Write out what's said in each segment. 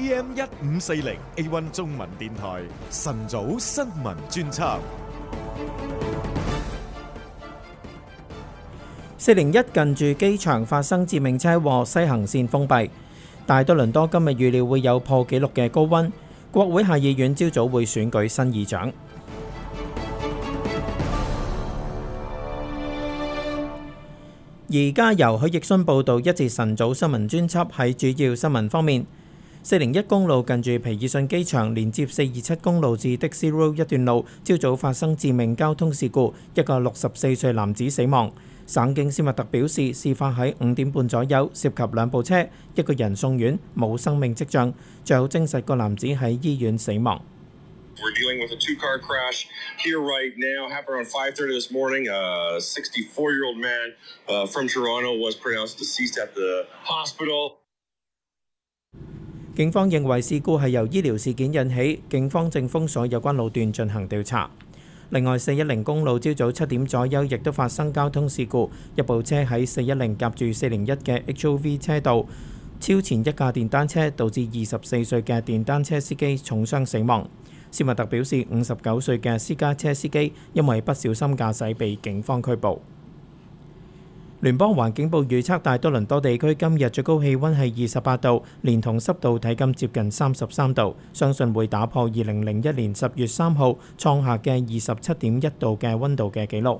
A.M. 一五四零 A One 中文電台晨早新聞專輯。四零一近住機場發生致命車禍，西行線封閉。大多倫多今日預料會有破紀錄嘅高温。國會下議院朝早會選舉新議長。而家由許奕迅報道，一節晨早新聞專輯喺主要新聞方面。四零一公路近住皮爾遜機場，連接四二七公路至迪斯路一段路，朝早發生致命交通事故，一個六十四歲男子死亡。省警斯密特表示，事發喺五點半左右，涉及兩部車，一個人送院，冇生命跡象，最後證實個男子喺醫院死亡。警方認為事故係由醫療事件引起，警方正封鎖有關路段進行調查。另外，四一零公路朝早七點左右亦都發生交通事故，一部車喺四一零夾住四零一嘅 HOV 車道超前一架電單車，導致二十四歲嘅電單車司機重傷死亡。斯密特表示，五十九歲嘅私家車司機因為不小心駕駛被警方拘捕。聯邦環境部預測大多倫多地區今日最高氣溫係二十八度，連同濕度體感接近三十三度，相信會打破二零零一年十月三號創下嘅二十七點一度嘅溫度嘅紀錄。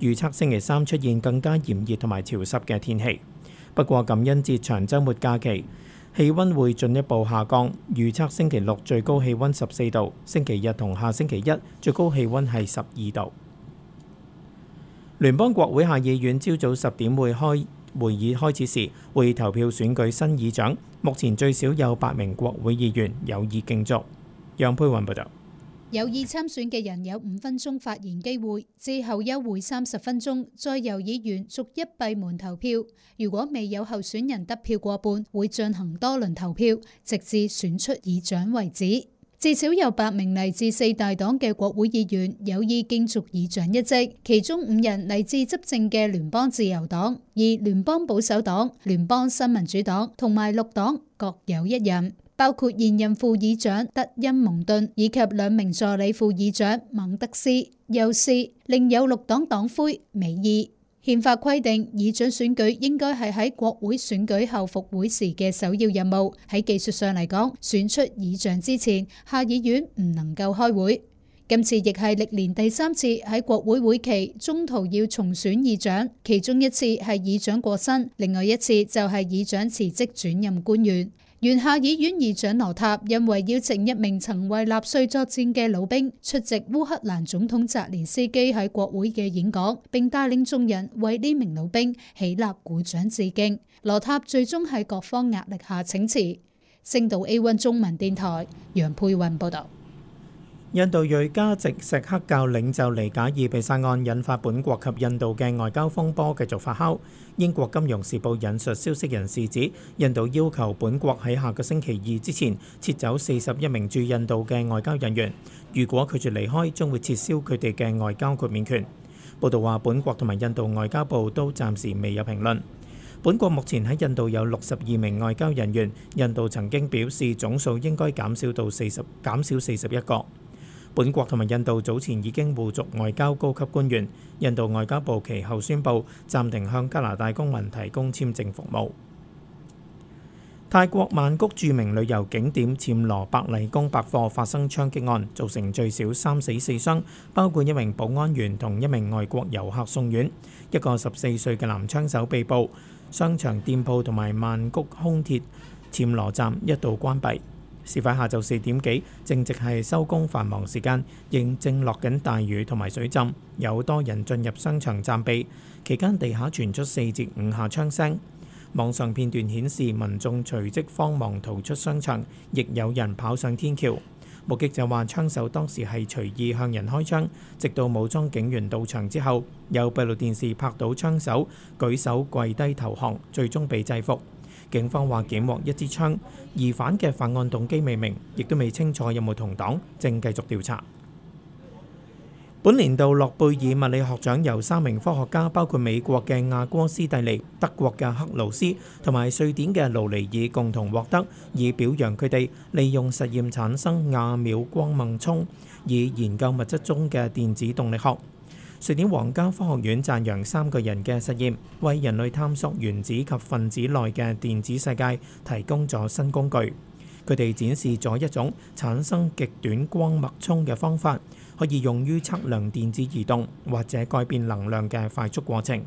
預測星期三出現更加炎熱同埋潮濕嘅天氣。不過感恩節長週末假期，氣温會進一步下降。預測星期六最高氣溫十四度，星期日同下星期一最高氣溫係十二度。聯邦國會下議院朝早十點會開會，議開始時，會投票選舉新議長。目前最少有八名國會議員有意競逐。楊佩雲報道。有意參選嘅人有五分鐘發言機會，之後休會三十分鐘，再由議員逐一閉門投票。如果未有候選人得票過半，會進行多輪投票，直至選出議長為止。至少有八名嚟自四大黨嘅國會議員有意競逐議長一職，其中五人嚟自執政嘅聯邦自由黨，而聯邦保守黨、聯邦新民主黨同埋綠黨各有一人，包括現任副議長德恩蒙頓以及兩名助理副議長孟德斯、又是另有綠黨黨魁美意。憲法規定，議長選舉應該係喺國會選舉後復會時嘅首要任務。喺技術上嚟講，選出議長之前，下議院唔能夠開會。今次亦係歷年第三次喺國會會期中途要重選議長，其中一次係議長過身，另外一次就係議長辭職轉任官員。原下議院議長羅塔因為邀請一名曾為納粹作戰嘅老兵出席烏克蘭總統澤連斯基喺國會嘅演講，並帶領眾人為呢名老兵起立鼓掌致敬。羅塔最終喺各方壓力下請辭。星島 A1 中文電台，楊佩雲報導。印度裔加籍錫克教領袖尼賈爾被殺案引發本國及印度嘅外交風波，繼續發酵。英國金融時報引述消息人士指，印度要求本國喺下個星期二之前撤走四十一名駐印度嘅外交人員，如果拒絕離開，將會撤銷佢哋嘅外交豁免權。報道話，本國同埋印度外交部都暫時未有評論。本國目前喺印度有六十二名外交人員，印度曾經表示總數應該減少到四十，減少四十一個。本國同埋印度早前已經互逐外交高級官員，印度外交部其後宣布暫停向加拿大公民提供簽證服務。泰國曼谷著名旅遊景點暹羅百麗宮百貨發生槍擊案，造成最少三死四傷，包括一名保安員同一名外國遊客送院。一個十四歲嘅男槍手被捕。商場店鋪同埋曼谷空鐵暹羅站一度關閉。事發下晝四點幾，正值係收工繁忙時間，仍正落緊大雨同埋水浸，有多人進入商場暫避。期間地下傳出四至五下槍聲，網上片段顯示民眾隨即慌忙逃出商場，亦有人跑上天橋。目擊者話槍手當時係隨意向人開槍，直到武裝警員到場之後，有閉路電視拍到槍手舉手跪低投降，最終被制服。警方話：檢獲一支槍，疑犯嘅犯案動機未明，亦都未清楚有冇同黨，正繼續調查。本年度諾貝爾物理學獎由三名科學家，包括美國嘅亞哥斯蒂尼、德國嘅克勞斯同埋瑞典嘅盧尼爾共同獲得，以表揚佢哋利用實驗產生亞秒光脈衝，以研究物質中嘅電子動力學。瑞典皇家科學院讚揚三個人嘅實驗，為人類探索原子及分子內嘅電子世界提供咗新工具。佢哋展示咗一種產生極短光脈衝嘅方法，可以用於測量電子移動或者改變能量嘅快速過程。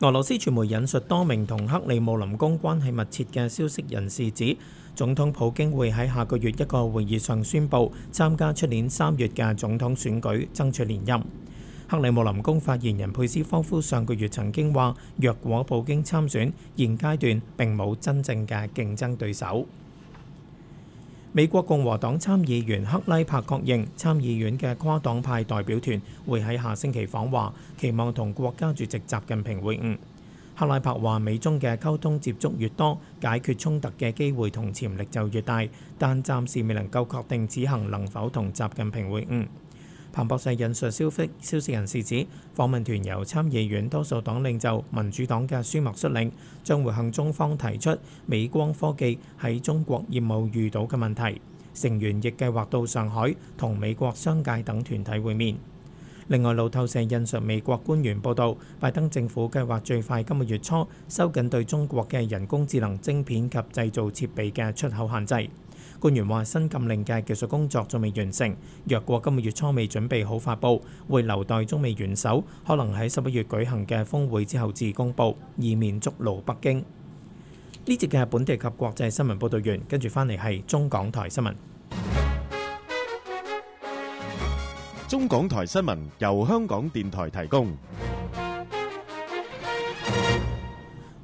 俄羅斯傳媒引述多名同克里姆林宮關係密切嘅消息人士指，總統普京會喺下個月一個會議上宣佈參加出年三月嘅總統選舉，爭取連任。克里姆林宮發言人佩斯科夫上個月曾經話，若果普京參選，現階段並冇真正嘅競爭對手。美國共和黨參議員克拉珀確認，參議院嘅跨黨派代表團會喺下星期訪華，期望同國家主席習近平會晤。克拉伯話：美中嘅溝通接觸越多，解決衝突嘅機會同潛力就越大，但暫時未能夠確定此行能否同習近平會晤。彭博社引述消息消息人士指，訪問團由參議院多數黨領袖、民主黨嘅舒默率領，將會向中方提出美光科技喺中國業務遇到嘅問題。成員亦計劃到上海同美國商界等團體會面。另外，路透社引述美國官員報道，拜登政府計劃最快今個月初收緊對中國嘅人工智能晶片及製造設備嘅出口限制。官員話，新禁令嘅技術工作仲未完成，若果今個月初未準備好發布，會留待中美元首，可能喺十一月舉行嘅峯會之後至公佈，以免觸怒北京。呢節嘅本地及國際新聞報導完，跟住翻嚟係中港台新聞。中港台新聞由香港電台提供。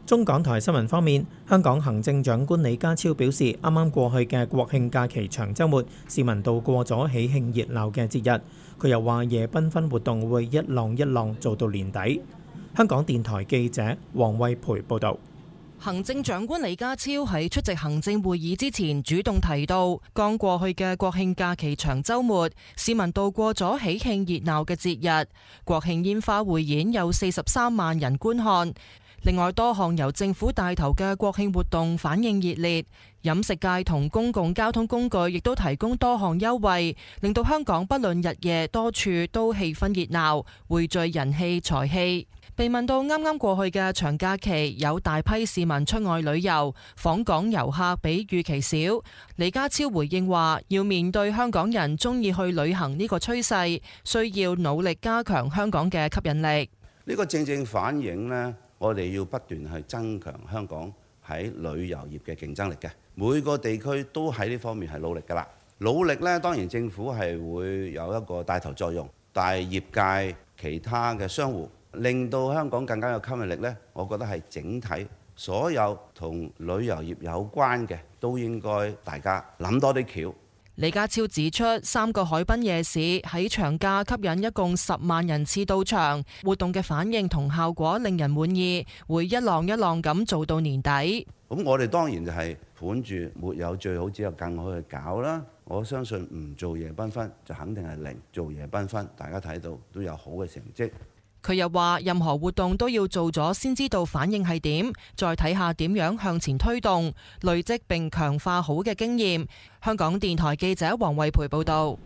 中港台新聞方面，香港行政長官李家超表示，啱啱過去嘅國慶假期長周末，市民度過咗喜慶熱鬧嘅節日。佢又話，夜繽紛活動會一浪一浪做到年底。香港電台記者王惠培報道。行政長官李家超喺出席行政會議之前，主動提到，剛過去嘅國慶假期長周末，市民度過咗喜慶熱鬧嘅節日，國慶煙花匯演有四十三萬人觀看。另外，多項由政府帶頭嘅國慶活動反應熱烈，飲食界同公共交通工具亦都提供多項優惠，令到香港不論日夜多處都氣氛熱鬧，匯聚人氣財氣。被問到啱啱過去嘅長假期有大批市民出外旅遊，訪港遊客比預期少，李家超回應話：要面對香港人鍾意去旅行呢個趨勢，需要努力加強香港嘅吸引力。呢個正正反映呢，我哋要不斷去增強香港喺旅遊業嘅競爭力嘅。每個地區都喺呢方面係努力㗎啦。努力呢，當然政府係會有一個帶頭作用，但係業界其他嘅商戶，令到香港更加有吸引力呢，我覺得係整體所有同旅遊業有關嘅都應該大家諗多啲橋。李家超指出，三個海濱夜市喺長假吸引一共十萬人次到場，活動嘅反應同效果令人滿意，會一浪一浪咁做到年底。咁我哋當然就係盤住沒有最好，只有更好去搞啦。我相信唔做夜繽紛就肯定係零，做夜繽紛大家睇到都有好嘅成績。佢又話：任何活動都要做咗先知道反應係點，再睇下點樣向前推動，累積並強化好嘅經驗。香港電台記者黃惠培報導。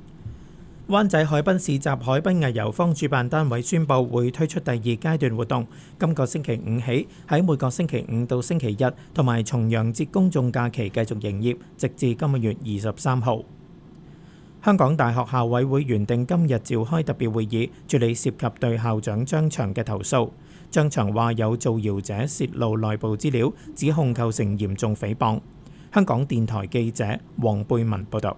灣仔海濱市集海濱藝遊坊主辦單位宣布會推出第二階段活動，今個星期五起，喺每個星期五到星期日同埋重陽節公眾假期繼續營業，直至今個月二十三號。香港大學校委會原定今日召開特別會議，處理涉及對校長張翔嘅投訴。張翔話有造謠者泄露內部資料，指控構成嚴重誹謗。香港電台記者黃貝文報道。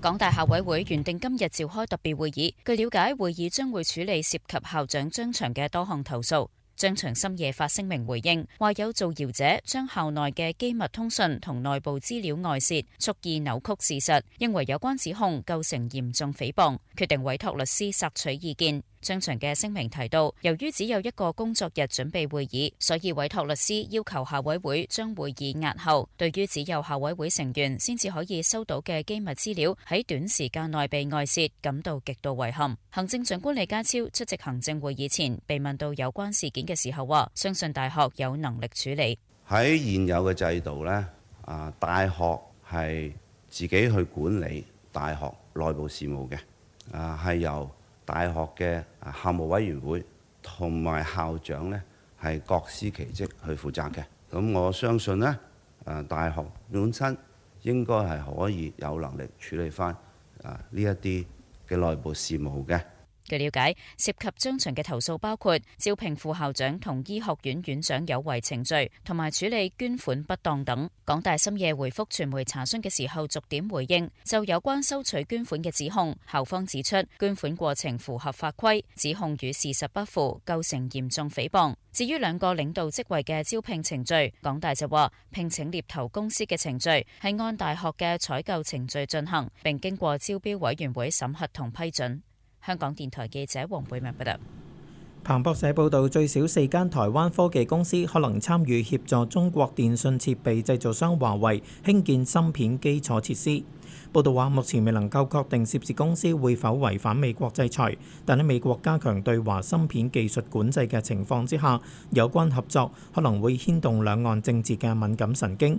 港大校委會原定今日召開特別會議，據了解會議將會處理涉及校長張翔嘅多項投訴。張長深夜發聲明回應，話有造謠者將校內嘅機密通訊同內部資料外洩，蓄意扭曲事實，認為有關指控構成嚴重誹謗，決定委託律師索取意見。張長嘅聲明提到，由於只有一個工作日準備會議，所以委託律師要求校委會將會議押後。對於只有校委會成員先至可以收到嘅機密資料喺短時間內被外洩，感到極度遺憾。行政長官李家超出席行政會議前，被問到有關事件嘅時候，話相信大學有能力處理。喺現有嘅制度呢，啊，大學係自己去管理大學內部事務嘅，啊，係由。大學嘅校務委員會同埋校長呢，係各司其職去負責嘅。咁我相信呢，誒大學本身應該係可以有能力處理返啊，呢一啲嘅內部事務嘅。據了解，涉及張翔嘅投訴包括招聘副校長同醫學院院長有違程序，同埋處理捐款不當等。港大深夜回覆傳媒查詢嘅時候，逐點回應就有關收取捐款嘅指控，校方指出捐款過程符合法規，指控與事實不符，構成嚴重誹謗。至於兩個領導職位嘅招聘程序，港大就話聘請獵頭公司嘅程序係按大學嘅採購程序進行，並經過招標委員會審核同批准。香港電台記者黃佩文報道。彭博社報道，最少四間台灣科技公司可能參與協助中國電信設備製造商華為興建芯片基礎設施。報道話，目前未能夠確定涉事公司會否違反美國制裁，但喺美國加強對華芯片技術管制嘅情況之下，有關合作可能會牽動兩岸政治嘅敏感神經。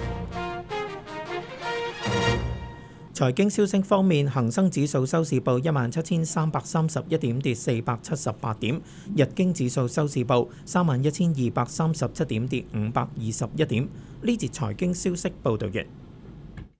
財經消息方面，恒生指數收市報一萬七千三百三十一點，跌四百七十八點；日經指數收市報三萬一千二百三十七點，跌五百二十一點。呢節財經消息報道完。